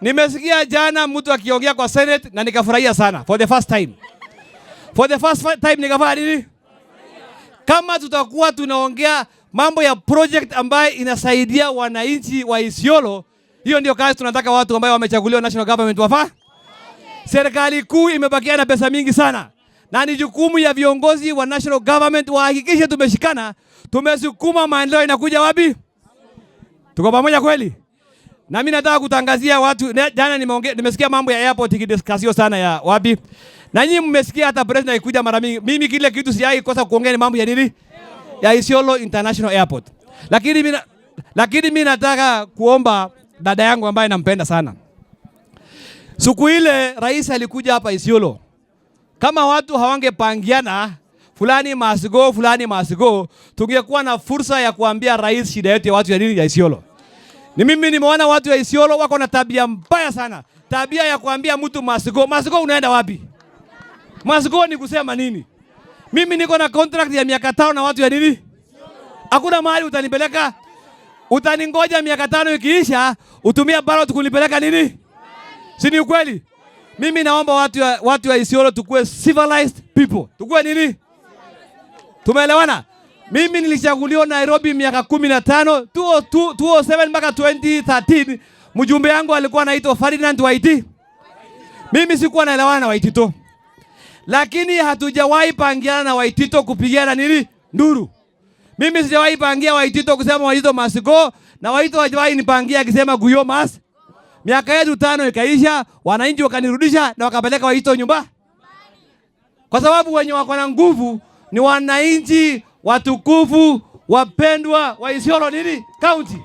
Nimesikia jana mtu akiongea kwa Senate na nikafurahia sana for the first time. For the first time nikafanya nini? Kama tutakuwa tunaongea mambo ya project ambayo inasaidia wananchi wa Isiolo, hiyo ndio kazi tunataka watu ambao wamechaguliwa national government wafa. Serikali kuu imebakia na pesa mingi sana, na ni jukumu ya viongozi wa national government wahakikishe tumeshikana, tumesukuma maendeleo. Inakuja wapi? Tuko pamoja kweli? Na mimi nataka kutangazia watu, jana nimeongea, nimesikia mambo ya airport kidiskasio sana ya wapi. Na nyinyi mmesikia hata president alikuja mara mingi. Mimi kile kitu siyai kosa kuongea ni mambo ya nini? Ya Isiolo International Airport. Lakini mimi lakini mimi nataka kuomba dada yangu ambaye nampenda sana. Siku ile rais alikuja hapa Isiolo. Kama watu hawangepangiana fulani masigo fulani masigo, tungekuwa na fursa ya kuambia rais shida yetu ya watu ya nini ya Isiolo. Ni mimi nimeona watu ya Isiolo wako na tabia mbaya sana, tabia ya kuambia mtu masigo. Masigo unaenda wapi? Masigo ni kusema nini? Mimi niko na contract ya miaka tano na watu ya nini? Hakuna mahali utanipeleka. Utaningoja miaka tano ikiisha, utumia ballot kunipeleka nini? Si ni ukweli? Mimi naomba watu ya, watu ya Isiolo tukue civilized people. Tukue nini? Tumeelewana? Mimi nilichaguliwa Nairobi miaka 15 2007 mpaka 2013. Mjumbe wangu alikuwa anaitwa Ferdinand Waiti. Mimi sikuwa naelewana na Waitito. Lakini hatujawahi pangiana na Waitito kupigana nili nduru. Mimi sijawahi pangia Waitito kusema Waitito masiko na Waitito hajawahi nipangia akisema guyo mas. Miaka yetu tano ikaisha, wananchi wakanirudisha na wakapeleka Waitito nyumba. Kwa sababu wenye wako na nguvu ni wananchi watukufu wapendwa wa Isiolo nini kaunti